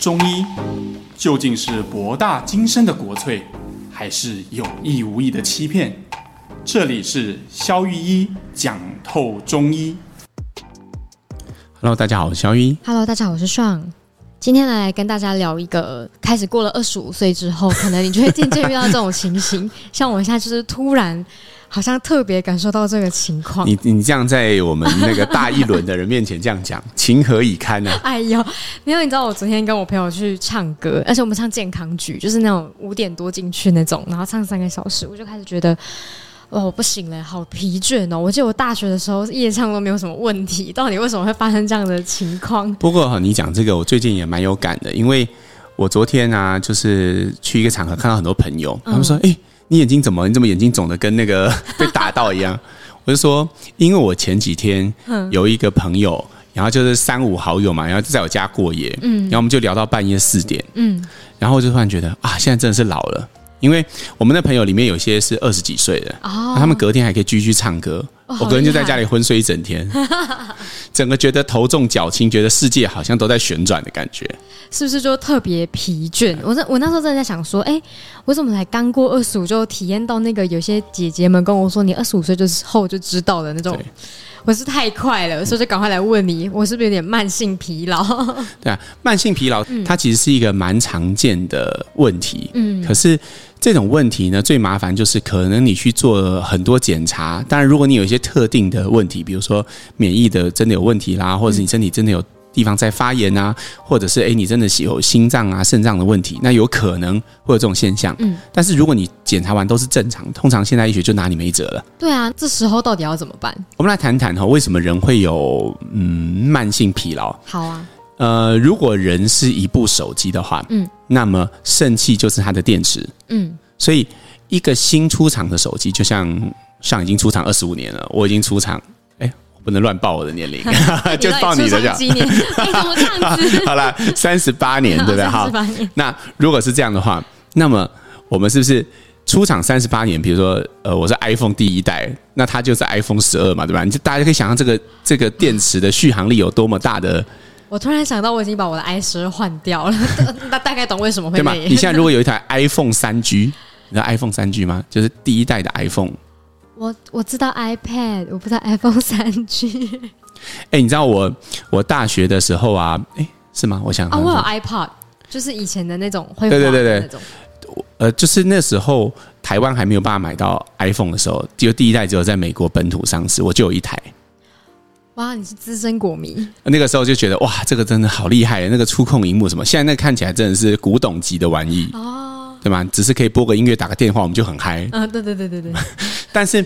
中醫究竟是博大精深的國粹，還是有意無意的欺騙？這裡是蕭御醫講透中醫。Hello，大家好，我是蕭御醫。Hello，大家好，我是 Sean。今天來，來跟大家聊一個，開始過了二十五歲之後，可能你就會漸漸遇到這種情形。 像我現在就是突然。好像特別感受到這個情況。你你這樣在我們那個大一輪的人面前這樣講， 情何以堪呢、啊？哎呦，因為你知道，我昨天跟我朋友去唱歌，而且我們唱健康局，就是那種五點多進去那種，然後唱三個小時，我就開始覺得哦，不行了，好疲倦哦。我記得我大學的時候夜唱都沒有什麼問題，到底為什麼會發生這樣的情況？不過哈，你講這個，我最近也蠻有感的，因為我昨天啊，就是去一個場合看到很多朋友，他們說，哎、嗯。欸你眼睛怎麼？你怎麼眼睛腫的跟那個被打到一樣？ 我就說，因為我前幾天有一個朋友，然後就是三五好友嘛，然後在我家過夜，嗯、然後我們就聊到半夜四點，嗯，然後我就突然覺得啊，現在真的是老了，因為我們的朋友裡面有些是二十幾歲的，哦，他們隔天還可以繼續唱歌。哦、我昨天就在家裡昏睡一整天， 整個覺得頭重腳輕，覺得世界好像都在旋轉的感覺，是不是就特別疲倦？我我那時候真的在想說，哎、欸，我怎麼才剛過二十五就體驗到那個有些姐姐們跟我說，你二十五歲之後就知道的那種。我是太快了，所以就趕快來問你，我是不是有點慢性疲勞？ 對啊，慢性疲勞，它其實是一個蠻常見的問題。嗯，可是這種問題呢，最麻煩就是可能你去做很多檢查，當然如果你有一些特定的問題，比如說免疫的真的有問題啦，或者是你身體真的有。地方在發炎啊，或者是哎、欸，你真的有心臟啊、腎臟的問題，那有可能會有這種現象。嗯，但是如果你檢查完都是正常，通常現代醫學就拿你沒轍了。對啊，這時候到底要怎麼辦？我們來談談哈，為什麼人會有嗯慢性疲勞？好啊，呃，如果人是一部手機的話，嗯，那麼腎氣就是它的電池。嗯，所以一個新出廠的手機，就像像已經出廠二十五年了，我已經出廠。不能亂報我的年齡， 年 就報你的這樣 子？好了，三十八年， 對不對？好，三十八年，那如果是這樣的話，那麼我們是不是出廠三十八年？比如說，呃，我是 iPhone 第一代，那它就是 iPhone 十二嘛，對吧？你就大家可以想象這個這個電池的續航力有多麼大的。我突然想到，我已經把我的 i 十換掉了， 那大概懂為什麼會？對嗎？你現在如果有一台 iPhone 三 G，你知道 iPhone 三 G 嗎？就是第一代的 iPhone。我我知道 iPad，我不知道 iPhone 三 G。哎、 欸，你知道我我大學的時候啊，哎、欸，是嗎？我想啊，我有 iPod，就是以前的那種，會畫的那種，對對對對，呃，就是那時候台灣還沒有辦法買到 iPhone 的時候，就第一代只有在美國本土上市，我就有一台。哇，你是資深果迷，那個時候就覺得哇，這個真的好厲害，那個觸控螢幕什麼，現在那看起來真的是古董級的玩意。哦。對嗎？只是可以播個音樂、打個電話，我們就很嗨。啊，對對對對對。 但是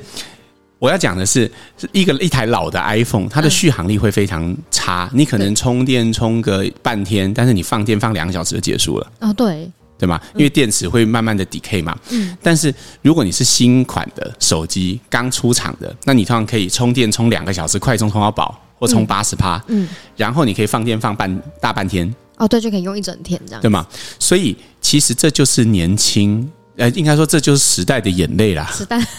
我要講的是，一個一台老的 iPhone，它的續航力會非常差，嗯。你可能充電充個半天，但是你放電放兩個小時就結束了。啊、哦，對。對嗎？因為電池會慢慢的 decay 嘛。嗯。但是如果你是新款的手機剛出廠的，那你通常可以充電充兩個小時，快充充到飽，或充八十趴。嗯。然後你可以放電放半大半天。哦，對，就可以用一整天這樣，對嗎？所以其實這就是年輕，呃，應該說這就是時代的眼淚啦，時代。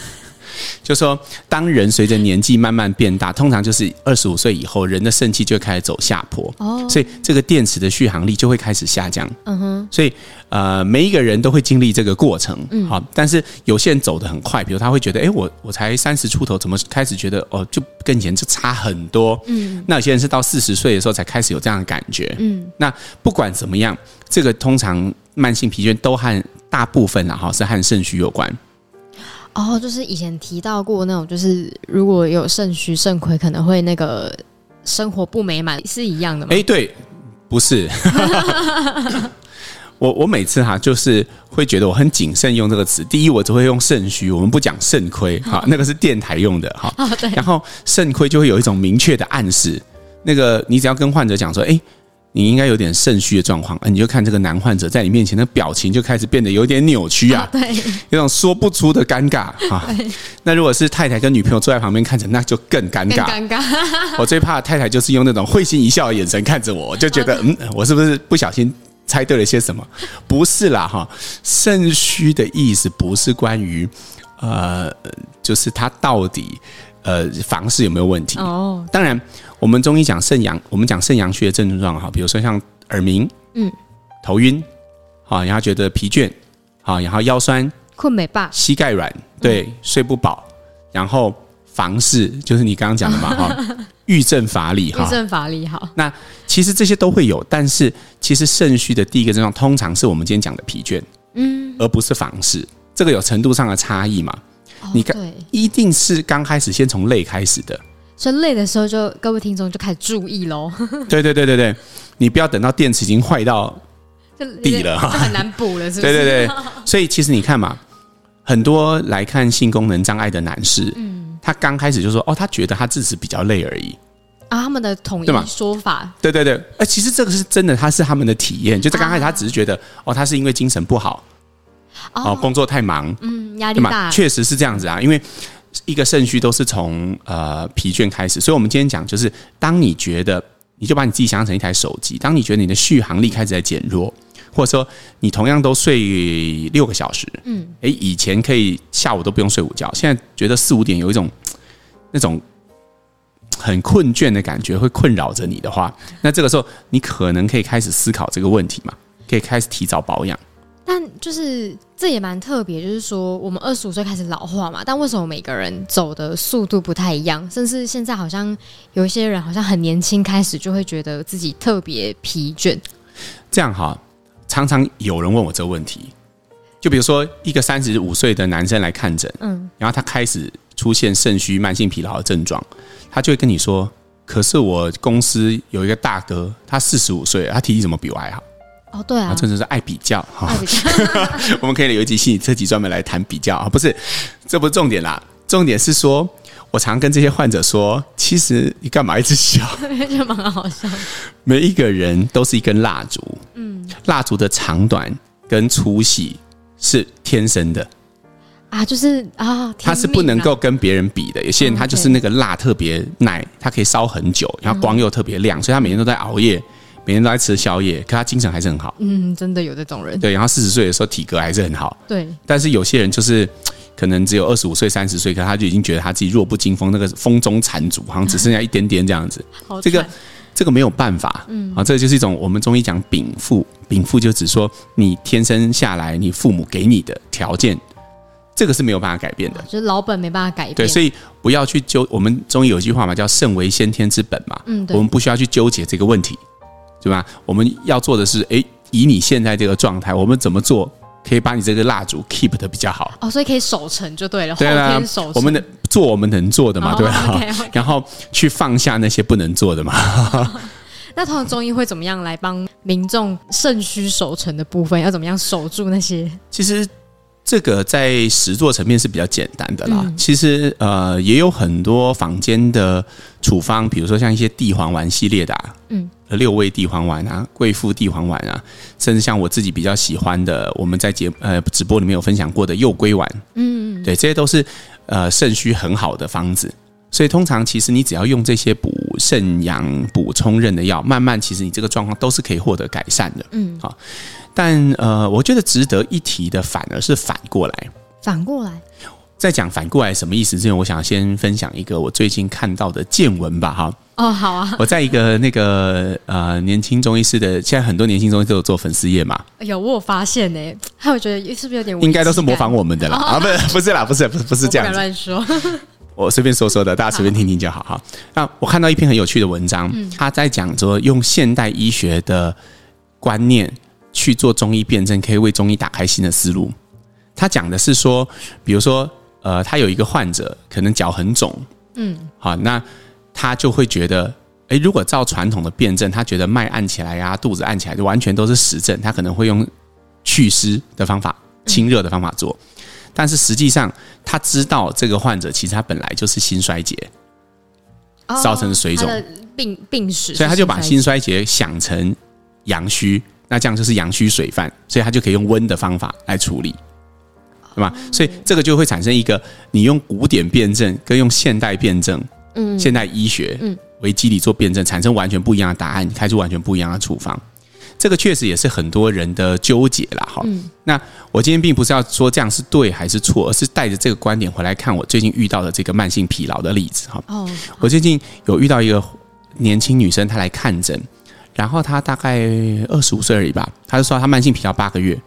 就說，當人隨着年紀慢慢變大，通常就是二十五歲以後，人的腎氣就開始走下坡，哦，所以這個電池的續航力就會開始下降。嗯哼，所以呃，每一個人都會經歷這個過程，嗯，好，但是有些人走得很快，比如他會覺得，誒，我我才三十出頭，怎麼開始覺得哦，就跟以前就差很多？嗯，那有些人是到四十歲的時候才開始有這樣的感覺。嗯，那不管怎麼樣，這個通常慢性疲倦都和大部分啊，哈是和腎虛有關。哦、oh，就是以前提到過那種，就是如果有腎虛、腎虧，可能會那個生活不美滿，是一樣的嗎？哎、欸，對，不是。 我我每次哈、啊，就是會覺得我很謹慎用這個詞。第一，我只會用腎虛，我們不講腎虧哈，那個是電臺用的哈。哦，對。然後腎虧就會有一種明確的暗示，那個你只要跟患者講說，哎、欸。你應該有點腎虛的狀況，你就看這個男患者，在你面前的表情就開始變得有點扭曲啊，有種說不出的尷尬啊，啊，那如果是太太跟女朋友坐在旁邊看着，那就更尷尬。尷尬，我最怕太太就是用那種會心一笑的眼神看着我，我就覺得嗯，我是不是不小心猜對了些什麼？不是啦，哈，腎虛的意思不是關於，呃，就是他到底，呃，房事有沒有問題？哦、oh.，當然，我們中醫講腎陽，我們講腎陽虛的症狀哈，比如說像耳鳴，嗯，頭暈，好、哦、然後覺得疲倦，好、哦、然後腰痠、困沒霸、膝蓋軟，對，嗯、睡不飽，然後房事就是你剛剛講的嘛，哈、oh. 哦，欲振乏力，哈， 欲振乏力，好，那其實這些都會有，但是其實腎虛的第一個症狀通常是我們今天講的疲倦，嗯，而不是房事，這個有程度上的差異嘛。你看，一定是剛開始先從累開始的，所以累的時候就各位聽眾就開始注意嘍。對對對對對，你不要等到電池已經壞到底了就，就很難補了是不是，是是對對對，所以其實你看嘛，很多來看性功能障礙的男士，嗯，他剛開始就說哦，他覺得他自己比較累而已啊。他們的統一說法，對對，對對，哎、欸，其實這個是真的，他是他們的體驗，就是剛開始他只是覺得哦，他是因為精神不好。哦、oh,，工作太忙，嗯，壓力大，確實是這樣子啊。因為一個腎虛都是從呃疲倦開始，所以我們今天講就是，當你覺得，你就把你自己想象成一台手機，當你覺得你的續航力開始在減弱，或者說你同樣都睡六個小時，嗯，哎，以前可以下午都不用睡午覺，現在覺得四五點有一種那種很睏倦的感覺會困擾着你的話，那這個時候你可能可以開始思考這個問題嘛，可以開始提早保養。但就是這也蠻特別，就是說我們二十五歲開始老化嘛，但為什麼每個人走的速度不太一樣？甚至現在好像有一些人好像很年輕開始就會覺得自己特別疲倦。這樣哈，常常有人問我這個問題，就比如說一個三十五歲的男生來看診，嗯，然後他開始出現腎虛、慢性疲勞的症狀，他就會跟你說：“可是我公司有一個大哥，他四十五歲，他體力怎麼比我還好？”哦、oh，對啊，真、啊、的是愛比較哈。比較 我們可以有一集心理特輯專門來談比較啊，不是，這不是重點啦，重點是說，我常跟這些患者說，其實你幹嘛一直笑？覺得蠻好笑。每一個人都是一根蠟燭，嗯，蠟燭的長短跟粗細是天生的。啊，就是、哦、天啊，他是不能夠跟別人比的。有些人他就是那個蠟特別耐，他可以燒很久，然後光又特別亮，嗯、所以他每天都在熬夜。每天都在吃宵夜，可他精神還是很好。嗯，真的有這種人。對，然後四十歲的時候體格還是很好。對，但是有些人就是可能只有二十五歲、三十歲，可他就已經覺得他自己弱不禁風，那個風中殘燭，好像只剩下一點點這樣子。 這個這個沒有辦法。嗯啊，這個、就是一種我們中醫講稟賦，稟賦就只說你天生下來，你父母給你的條件，這個是沒有辦法改變的，啊、就是老本沒辦法改變。對，所以不要去糾。我們中醫有一句話嘛，叫“腎為先天之本”嘛。嗯，對，我們不需要去糾結這個問題。對吧？我們要做的是，哎、欸，以你現在這個狀態，我們怎麼做可以把你這個蠟燭 keep 的比較好？哦，所以可以守成就對了。對、啊、後天守。我們的做我們能做的嘛，oh, 對吧、啊 okay, okay？然後去放下那些不能做的嘛。哦、那傳統中醫會怎麼樣來幫民眾腎虛守成的部分？要怎麼樣守住那些？其實這個在實作層面是比較簡單的啦。嗯、其實呃，也有很多坊間的處方，比如說像一些地黃丸系列的、啊，嗯。六味地黃丸啊，桂附地黃丸啊，甚至像我自己比較喜歡的，我們在節呃直播裡面有分享過的右歸丸，嗯，嗯，對，這些都是呃腎虛很好的方子。所以通常其實你只要用這些補腎陽、補衝任的藥，慢慢其實你這個狀況都是可以獲得改善的。嗯，好，但呃，我覺得值得一提的反而是反過來，反過來。在講反過來什麼意思之前，我想先分享一個我最近看到的見聞吧，哈。哦，好啊。我在一個那個呃年輕中醫師的，現在很多年輕中醫都有做粉絲頁嘛。哎呀，我有發現呢，還有我覺得是不是有點應該都是模仿我們的啦、哦？啊？不是，不是啦，不是，不是，不是這樣亂說，我隨便說說的，大家隨便聽聽就好哈。那我看到一篇很有趣的文章，他、嗯、在講說用現代醫學的觀念去做中醫辨證，可以為中醫打開新的思路。他講的是說，比如說。呃，他有一個患者，可能腳很腫，嗯，好，那他就會覺得，哎、欸，如果照傳統的辨證，他覺得脈按起來呀、啊，肚子按起來就完全都是實證，他可能會用祛濕的方法、清熱的方法做，嗯、但是實際上他知道這個患者其實他本來就是心衰竭、哦、造成的水腫病病史，所以他就把心衰竭想成陽虛，那這樣就是陽虛水泛，所以他就可以用溫的方法來處理。對吧？所以這個就會產生一個，你用古典辯證跟用現代辯證，嗯，現代醫學，嗯，為基底做辯證，產生完全不一樣的答案，你開出完全不一樣的處方。這個確實也是很多人的糾結啦哈、嗯。那我今天並不是要說這樣是對還是錯，而是帶着這個觀點回來看我最近遇到的這個慢性疲勞的例子哈。哦，我最近有遇到一個年輕女生，她來看診，然後她大概二十五歲而已吧，她就說她慢性疲勞八個月，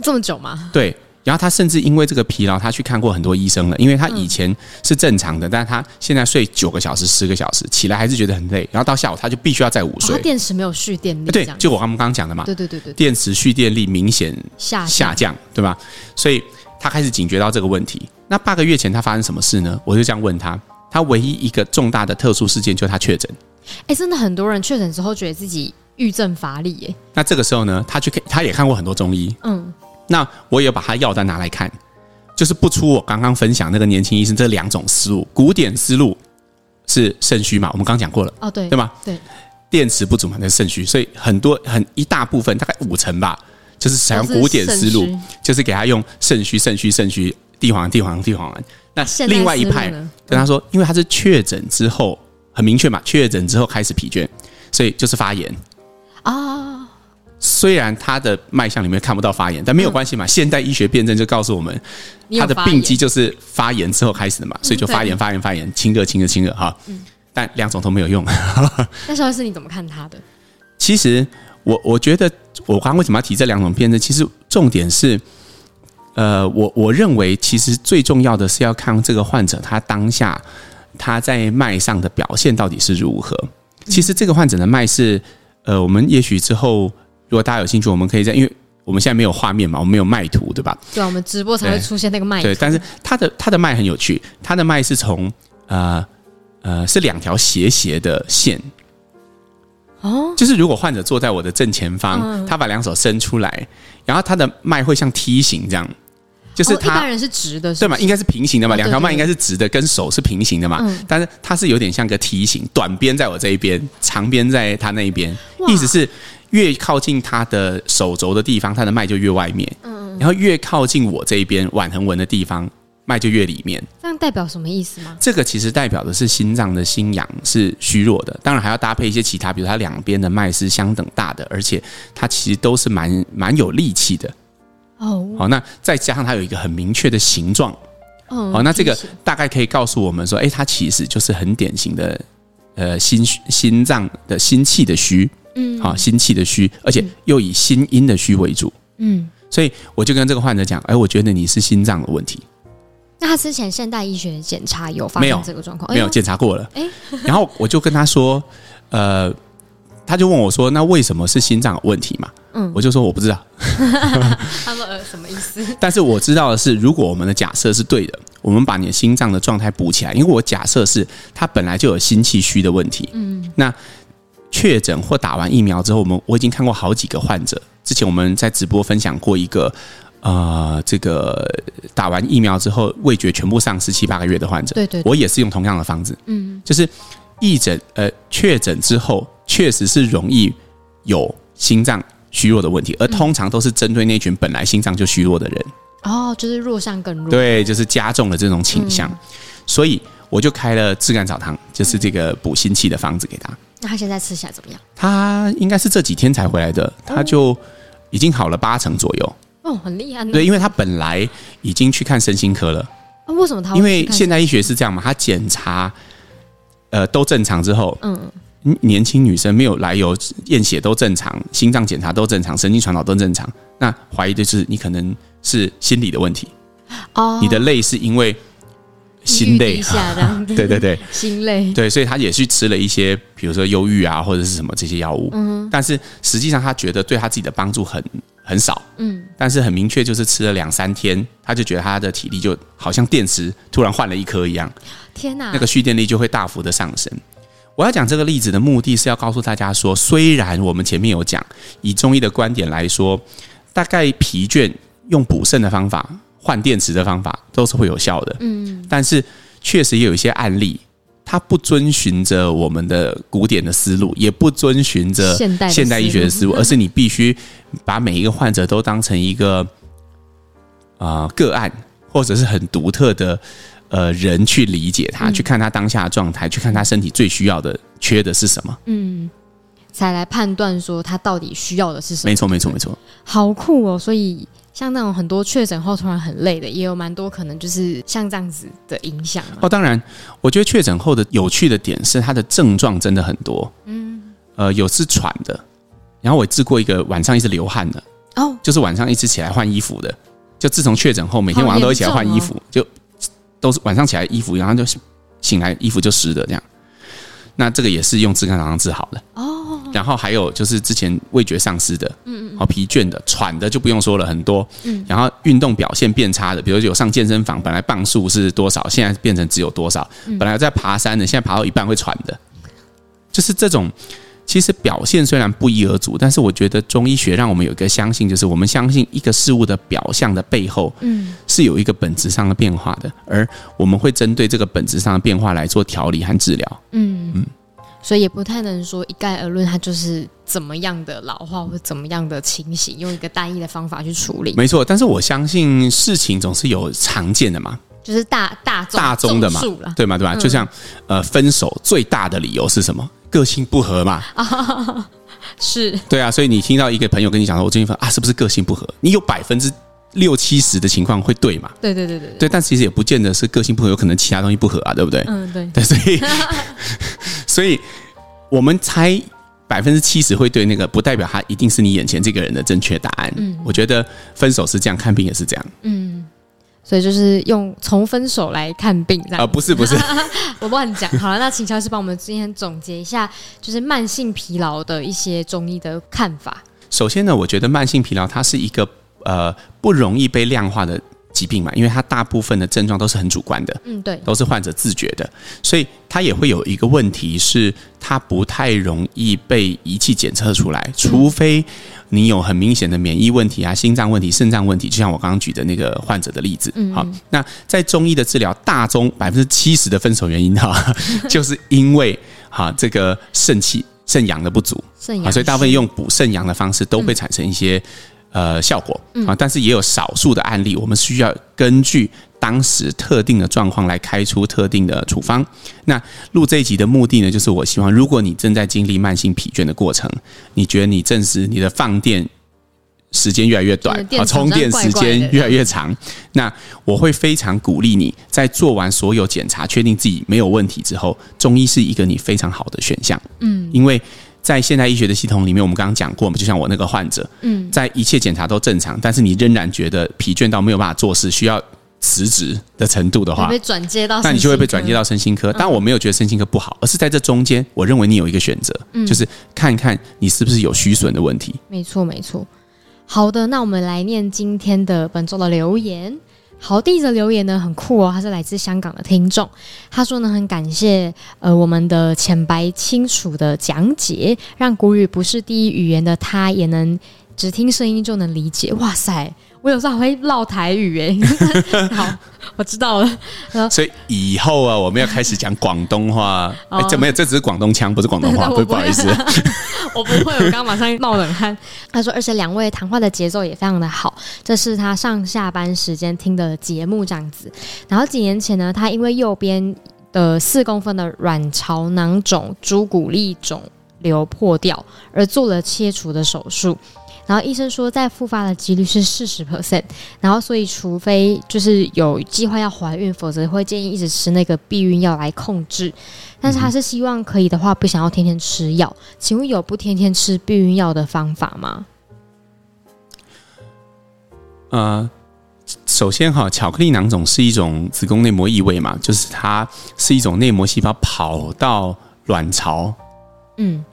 這麼久嗎？對。然後他甚至因為這個疲勞，他去看過很多醫生了，因為他以前是正常的，嗯、但是他現在睡九個小時、十個小時，起來還是覺得很累。然後到下午他就必須要再午睡。哦、他電池沒有蓄電力。對，就我剛剛講的嘛。對對對對，對，對。電池蓄電力明顯下降下降，對吧？所以他開始警覺到這個問題。那八個月前他發生什麼事呢？我就這樣問他。他唯一一個重大的特殊事件就是他確診。哎、欸，真的很多人確診之後覺得自己鬱症乏力耶。那這個時候呢，他去看他也看過很多中醫。嗯。那我也把他藥單拿來看，就是不出我剛剛分享那個年輕醫生這兩種思路。古典思路是腎虛嘛，我們剛剛講過了，哦對，對嗎？對，電池不足嘛，那是腎虛，所以很多很一大部分大概五成吧，就是採用古典思路，就是給他用腎虛腎虛腎虛地黃地黃地黃丸。那另外一派跟他說，因為他是確診之後很明確嘛，確診之後開始疲倦，所以就是發炎。雖然他的脈象裡面看不到發炎，但沒有關係嘛、嗯。現代醫學辨證就告訴我們，他的病機就是發炎之後開始的嘛，嗯、所以就發炎、發炎、發炎，清熱、清熱、清熱，哈。嗯、但兩種都沒有用。 那蕭醫師，你怎麼看他的？其實我我覺得我剛剛為什麼要提這兩種辨證？其實重點是，呃，我我認為其實最重要的是要看這個患者他當下他在脈上的表現到底是如何。嗯、其實這個患者的脈是，呃，我們也許之後。如果大家有興趣，我們可以在，因為我們現在沒有畫面嘛，我們沒有脈圖，對吧？對啊，我們直播才會出現那個脈圖。對，但是他的他的脈很有趣，他的脈是從呃呃是兩條斜斜的線。哦，就是如果患者坐在我的正前方，他、嗯、把兩手伸出來，然後他的脈會像梯形這樣，就是他、哦、一般人是直的是吧，對嘛？應該是平行的嘛，兩條脈應該是直的，跟手是平行的嘛。嗯、但是他是有點像個梯形，短邊在我這一邊，長邊在他那一邊，意思是。越靠近他的手肘的地方，他的脈就越外面、嗯。然後越靠近我這邊腕橫紋的地方，脈就越裡面。這樣代表什麼意思嗎？這個其實代表的是心臟的心陽是虛弱的。當然還要搭配一些其他，比如它兩邊的脈是相等大的，而且它其實都是蠻蠻有力氣的。哦，好、哦，那再加上它有一個很明確的形狀哦。哦，那這個大概可以告訴我們說，誒、哎，它其實就是很典型的，呃，心心臟的心氣的虛。嗯，好、哦，心氣的虛，而且又以心陰的虛為主。嗯，所以我就跟這個患者講，哎、欸，我覺得你是心臟的問題。那他之前現代醫學檢查有發現這個狀況？沒有檢、哎、查過了。哎，然後我就跟他說、哎，呃，他就問我說，那為什麼是心臟有問題嘛？嗯，我就說我不知道。 他說什麼意思？但是我知道的是，如果我們的假設是對的，我們把你的心臟的狀態補起來，因為我假設是他本來就有心氣虛的問題。嗯，那。確診或打完疫苗之後，我們我已經看過好幾個患者。之前我們在直播分享過一個，呃，這個打完疫苗之後味覺全部喪失七八個月的患者。對對對，我也是用同樣的方子。嗯嗯，就是疫診，呃，確診之後確實是容易有心臟虛弱的問題，而通常都是針對那群本來心臟就虛弱的人。哦，就是弱項更弱，對，就是加重了這種傾向。嗯，所以我就開了炙甘草湯，就是這個補心氣的方子給他。他現在吃起來怎麼樣？他應該是這幾天才回來的，他就已經好了八成左右。哦，哦，很厲害。哦。對，因為他本來已經去看身心科了。哦，為什麼他會？因為現代醫學是這樣嘛，他檢查，呃，都正常之後，嗯，年輕女生沒有來由，驗血都正常，心臟檢查都正常，神經傳導都正常，那懷疑的是你可能是心理的問題。哦，你的累是因為。心累， 對對對，心累，對，所以他也去吃了一些，比如說憂鬱啊，或者是什麼這些藥物。嗯，但是實際上他覺得對他自己的幫助很很少。嗯，但是很明確，就是吃了兩三天，他就覺得他的體力就好像電池突然換了一顆一樣。天哪，那個蓄電力就會大幅的上升。我要講這個例子的目的是要告訴大家說，雖然我們前面有講，以中醫的觀點來說，大概疲倦用補腎的方法，換電池的方法都是會有效的，嗯，但是確實也有一些案例，它不遵循着我們的古典的思路，也不遵循着現代現代醫學的思路，思路，而是你必須把每一個患者都當成一個啊、 呃、個案，或者是很獨特的呃人去理解他，嗯，去看他當下的狀態，去看他身體最需要的缺的是什麼，嗯，才來判斷說他到底需要的是什麼。沒錯，沒錯，沒錯，好酷哦！所以。像那種很多確診後突然很累的，也有蠻多可能就是像這樣子的影響哦。當然，我覺得確診後的有趣的點是它的症狀真的很多，嗯，呃，有是喘的，然後我治過一個晚上一直流汗的哦，就是晚上一直起來換衣服的，就自從確診後每天晚上都一起來換衣服，哦、就都是晚上起來衣服，然後就醒來衣服就濕的這樣。那這個也是用炙甘草湯治好的哦。然後還有就是之前味覺喪失的，嗯嗯，好疲倦的，喘的就不用說了，很多。嗯，然後運動表現變差的，比如說有上健身房，本來磅數是多少，現在變成只有多少。嗯。本來在爬山的，現在爬到一半會喘的，就是這種。其實表現雖然不一而足，但是我覺得中醫學讓我們有一個相信，就是我們相信一個事物的表象的背後，嗯，是有一個本質上的變化的，而我們會針對這個本質上的變化來做調理和治療。嗯嗯。所以也不太能說一概而論，它就是怎麼樣的老化或怎麼樣的情形，用一個單一的方法去處理。沒錯，但是我相信事情總是有常見的嘛，就是大大中大中的嘛，中對嘛對吧，嗯。就像呃，分手最大的理由是什麼？個性不合嘛？啊，哦，是，對啊。所以你聽到一個朋友跟你講說，我最近分啊，是不是個性不合？你有百分之。六七十的情況會對嘛？對，對對對對對，但其實也不見得是個性不合，有可能其他東西不合啊，對不對？嗯，對。對，所以， 所以我們猜百分之七十會對那個，不代表他一定是你眼前這個人的正確答案。嗯，我覺得分手是這樣，看病也是這樣。嗯，所以就是用從分手來看病，啊、呃，不是不是， 我不想講。好了，那請蕭醫師幫我們今天總結一下，就是慢性疲勞的一些中醫的看法。首先呢，我覺得慢性疲勞它是一個。呃，不容易被量化的疾病嘛，因為它大部分的症狀都是很主觀的，嗯，對，都是患者自覺的，所以它也會有一個問題是，是它不太容易被儀器檢測出來，嗯，除非你有很明顯的免疫問題啊、心臟問題、腎臟問題，問題就像我剛剛舉的那個患者的例子，嗯，嗯，好，那在中醫的治療，大宗百分之七十的分手原因哈，啊嗯嗯，就是因為哈、 啊、這個腎氣腎陽的不足，腎陽、啊，所以大部分用補腎陽的方式、嗯、都會產生一些。呃，效果啊、嗯，但是也有少數的案例，我們需要根據當時特定的狀況來開出特定的處方。那錄這一集的目的呢，就是我希望，如果你正在經歷慢性疲倦的過程，你覺得你證實你的放電時間越來越短，嗯電池，像怪怪的啊、充電時間越來越長，嗯、那我會非常鼓勵你在做完所有檢查，確定自己沒有問題之後，中醫是一個你非常好的選項。嗯，因為。在現代醫學的系統裡面，我們剛剛講過嘛，就像我那個患者，嗯，在一切檢查都正常，但是你仍然覺得疲倦到沒有辦法做事，需要辭職的程度的話，轉接到，那你就會被轉接到身心科，但身心科、嗯。但我沒有覺得身心科不好，而是在這中間，我認為你有一個選擇、嗯，就是看看你是不是有虛損的問題。沒、嗯、錯，沒錯。好的，那我們來念今天的本周的留言。好，第一則留言呢，很酷哦，他是來自香港的聽眾，他說呢，很感謝呃我們的淺白清楚的講解，讓國語不是第一語言的他也能只聽聲音就能理解，哇塞！我有時候還會烙台語哎， 好，我知道了。所以以後啊， 我們要開始講廣東話，啊。哎、哦欸，這沒有，這只是廣東腔，不是廣東話。對對不，不好意思，我不會。 我剛馬上冒冷汗。 他說，而且兩位談話的節奏也非常的好。這是他上下班時間聽的節目，這樣子。然後幾年前呢，他因為右邊的四公分的卵巢囊腫、朱古力腫瘤破掉，而做了切除的手術。然後醫生說，再復發的幾率是四十 percent。然後所以，除非就是有計劃要懷孕，否則會建議一直吃那個避孕藥來控制。但是他是希望可以的話，不想要天天吃藥。請問有不天天吃避孕藥的方法嗎？呃，首先哈、哦，巧克力囊腫是一種子宮內膜異位嘛，就是它是一種內膜細胞跑到卵巢，嗯。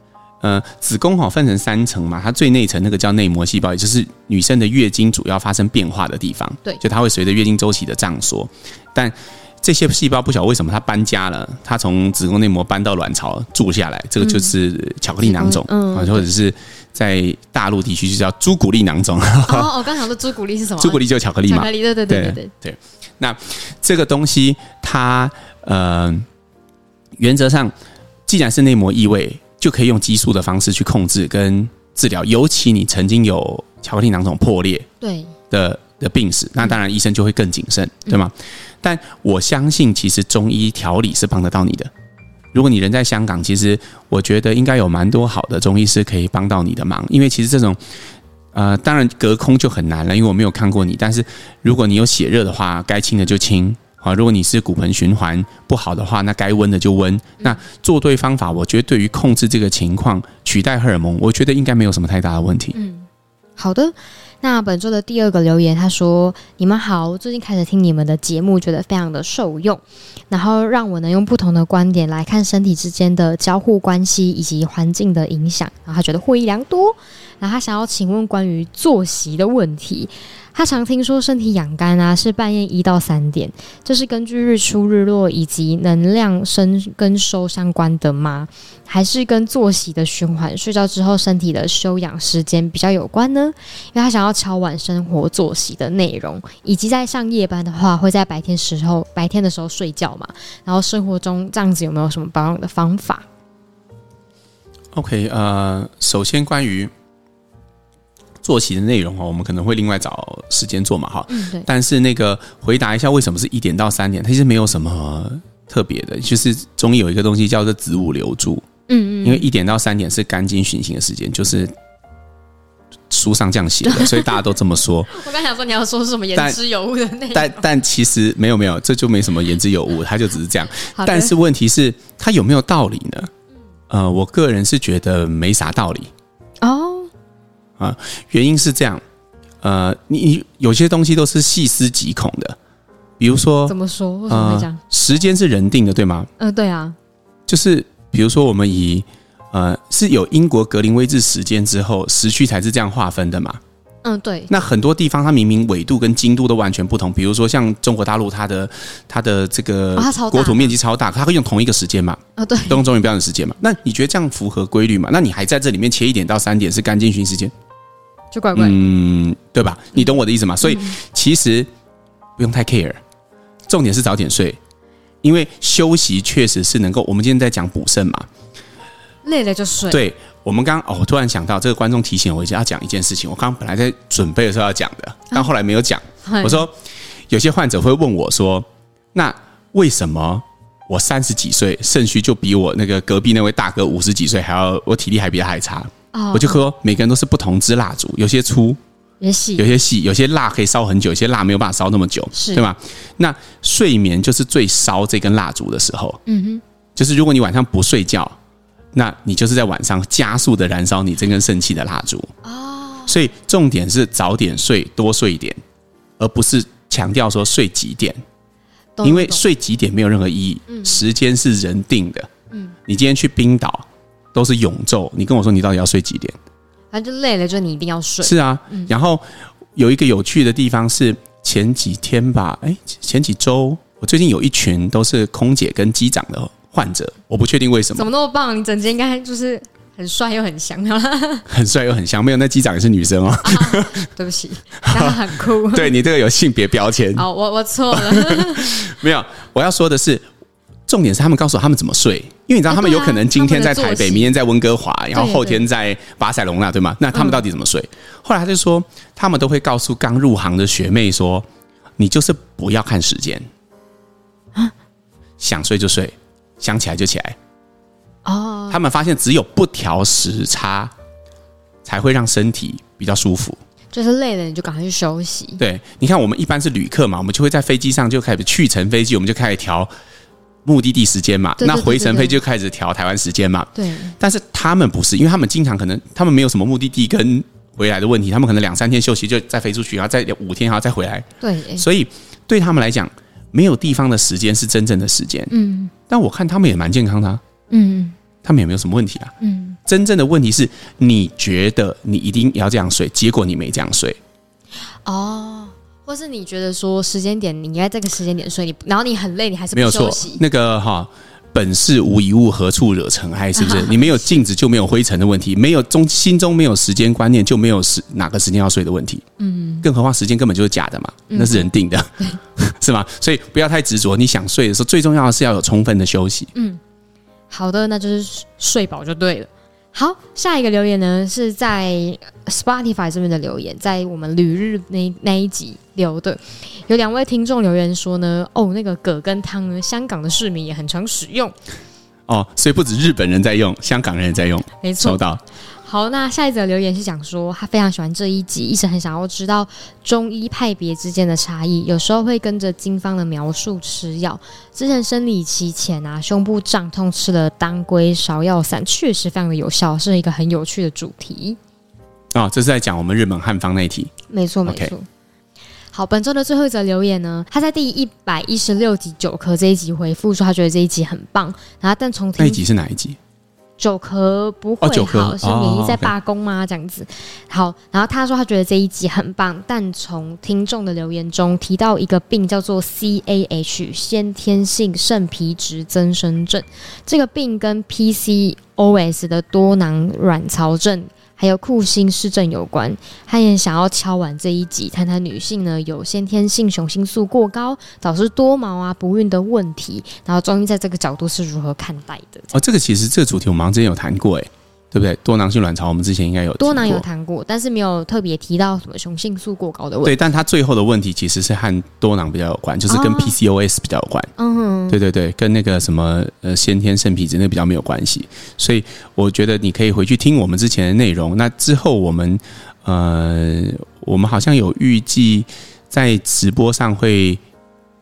呃，子宮好、哦、分成三層嘛，它最內層那個叫內膜細胞，也就是女生的月經主要發生變化的地方。對，就它會隨着月經週期的漲縮，但這些細胞不曉得為什麼它搬家了，它從子宮內膜搬到卵巢住下來，這個就是巧克力囊腫、嗯嗯，或者是在大陸地區就叫朱古力囊腫。哦，我剛講說朱古力是什麼？朱 古力就是巧克力嘛。巧克力，對對對對對，對，對，對，對，那這個東西它呃，原則上既然是內膜異位。就可以用激素的方式去控制跟治療，尤其你曾經有巧克力囊腫破裂的對的，的病史，那當然醫生就會更謹慎，嗯，對嗎？但我相信其實中醫調理是幫得到你的。如果你人在香港，其實我覺得應該有蠻多好的中醫師可以幫到你的忙，因為其實這種，呃，當然隔空就很難了，因為我沒有看過你，但是如果你有血熱的話，該清的就清。啊，如果你是骨盆循環不好的話，那該溫的就溫。嗯。那做對方法，我覺得對於控制這個情況，取代荷爾蒙，我覺得應該沒有什麼太大的問題。嗯，好的。那本週的第二個留言，他說：“你們好，最近開始聽你們的節目，覺得非常的受用，然後讓我能用不同的觀點來看身體之間的交互關係以及環境的影響，然後他覺得獲益良多。然後他想要請問關於作息的問題。”他常聽說身體養肝啊是半夜一到三點，這、就是根據日出日落以及能量生跟收相關的嗎？還是跟作息的循環、睡覺之後身體的休養時間比較有關呢？因為他想要調晚生活作息的內容，以及在上夜班的話，會在白天時候白天的時候睡覺嘛？然後生活中這樣子有沒有什麼保養的方法？OK，呃，首先關於。作息的內容哦，我們可能會另外找時間做嘛哈，嗯。但是那個回答一下，為什麼是一點到三點？它其實沒有什麼特別的，就是中醫有一個東西叫做子午流注。嗯嗯。因為一點到三點是肝經循行的時間，就是書上這樣寫的，所以大家都這麼說。我剛想說你要說是什麼言之有物的內容，但但，但其實沒有沒有，這就沒什麼言之有物，它就只是這樣。但是問題是，它有沒有道理呢？呃，我個人是覺得沒啥道理哦。啊，原因是這樣，呃，你有些東西都是細思極恐的，比如說怎麼說？為什麼會這樣？呃、時間是人定的，對嗎？嗯、呃，對啊，就是比如說我們以呃是有英國格林威治時間之後時區才是這樣劃分的嘛？嗯、呃，對。那很多地方它明明緯度跟經度都完全不同，比如說像中國大陸，它的它的這個國土面積超大，它會用同一個時間嘛？啊、呃，對，都用中原標準時間嘛？那你覺得這樣符合規律嗎？那你還在這裡面切一點到三點是乾淨區時間？就怪怪的，嗯，對吧？你懂我的意思嗎？嗯、所以、嗯、其實不用太 care，重點是早點睡，因為休息確實是能夠。我們今天在講補腎嘛，累了就睡。對我們剛哦，我突然想到，這個觀眾提醒我一下，要講一件事情。我剛剛本來在準備的時候要講的，但後來沒有講。啊、我說有些患者會問我說：“那為什麼我三十幾歲腎虛，就比我那個隔壁那位大哥五十幾歲還要，我體力還比他還差？” Oh, okay. 我就說，每個人都是不同支蠟燭，有些粗，有些細，有些細，有些蠟可以燒很久，有些蠟沒有辦法燒那麼久，是，對吧？那睡眠就是最燒這根蠟燭的時候，嗯哼，就是如果你晚上不睡覺，那你就是在晚上加速的燃燒你這根腎氣的蠟燭、oh. 所以重點是早點睡，多睡一點，而不是強調說睡幾點，懂懂因為睡幾點沒有任何意義，mm -hmm. 時間是人定的，mm -hmm. 你今天去冰島。都是永晝。你跟我說，你到底要睡幾點？反、啊、正就累了就你一定要睡。是啊，嗯、然後有一個有趣的地方是前幾天吧，哎，前幾周我最近有一群都是空姐跟機長的患者，我不確定為什麼。怎麼那麼棒？你整間應該就是很帥又很香， 很帥又很香。沒有，那機長也是女生哦、啊。對不起，他很酷。 對你這個有性別標籤。哦，我我錯了。 沒有，我要說的是，重點是他們告訴我他們怎麼睡。因為你知道，他們有可能今天在台北，欸啊、明天在溫哥華，然後後天在巴塞隆納，對嗎？那他們到底怎麼睡？嗯、後來他就說，他們都會告訴剛入行的學妹說：“你就是不要看時間、啊，想睡就睡，想起來就起來。”哦，他們發現只有不調時差，才會讓身體比較舒服。就是累了，你就趕快去休息。對，你看我們一般是旅客嘛，我們就會在飛機上就開始去乘飛機，我們就開始調。目的地時間嘛，對對對對那回程飛就開始調台灣時間嘛。對,對。但是他們不是，因為他們經常可能他們沒有什麼目的地跟回來的問題，他們可能兩三天休息就再飛出去，然後再五天然後再回來。對、欸。所以對他們來講，沒有地方的時間是真正的時間。嗯。但我看他們也蠻健康的、啊。嗯。他們也沒有什麼問題啊。嗯。真正的問題是你覺得你一定要這樣睡，結果你沒這樣睡。哦。或是你覺得說時間點，你應該這個時間點睡，你然後你很累，你還是不休息？沒有錯。那個哈，本是無一物，何處惹塵埃？是不是？ 你沒有鏡子就沒有灰塵的問題，沒有中心中沒有時間觀念就沒有時哪個時間要睡的問題。嗯，更何況時間根本就是假的嘛，那是人定的，嗯、對。是嗎？所以不要太執着。你想睡的時候，最重要的是要有充分的休息。嗯，好的，那就是睡飽就對了。好，下一個留言呢，是在 Spotify 這邊的留言，在我們旅日那那一集留的，有兩位聽眾留言說呢，哦，那個葛根湯呢，香港的市民也很常使用，哦，所以不止日本人在用，香港人也在用，沒錯，收到。哦好，那下一則留言是講說他非常喜歡這一集，一直很想要知道中醫派別之間的差異，有時候會跟着經方的描述吃藥。之前生理期前啊，胸部脹痛吃了當歸芍藥散，確實非常的有效，是一個很有趣的主題。啊、哦，這是在講我們日本漢方那一題，沒錯沒錯。Okay. 好，本週的最後一則留言呢，他在第一百一十六集九科這一集回復說，他覺得這一集很棒。然後，但從那一集是哪一集？久咳不會好、哦，是免疫在罷工嗎、哦？這樣子、哦。好，然後他說他覺得這一集很棒，嗯、但從聽眾的留言中提到一個病叫做 CAH，先天性腎皮質增生症，這個病跟 PCOS 的多囊卵巢症。還有酷星市政有關，他也想要敲完這一集，談談女性呢有先天性雄性素過高，導致多毛啊、不孕的問題，然後中醫在這個角度是如何看待的？哦，這個其實這個主題我們之前有談過，誒。對不對？多囊性卵巢，我們之前應該有多囊有談過，但是沒有特別提到什麼雄性素過高的問題。對，但他最後的問題其實是和多囊比較有關，就是跟 PCOS 比較有關。哦、嗯哼，對對對，跟那個什麼呃先天性腎皮質那比較沒有關係。所以我覺得你可以回去聽我們之前的內容。那之後我們呃，我們好像有預計在直播上會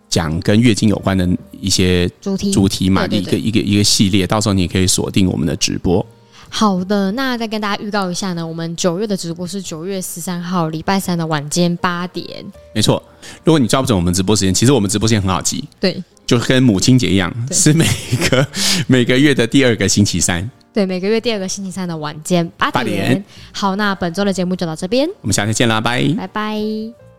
講跟月經有關的一些主題主題嘛的一個一個一個系列。到時候你可以鎖定我們的直播。好的，那再跟大家預告一下呢，我們九月的直播是九月十三號禮拜三的晚間八點。沒錯，如果你抓不准我們直播時間，其實我們直播時間很好記，對，就跟母親節一樣，是每個每個月的第二個星期三。對，每個月第二個星期三的晚間八八點。好，那本週的節目就到這邊，我們下次見啦，拜拜拜。Bye bye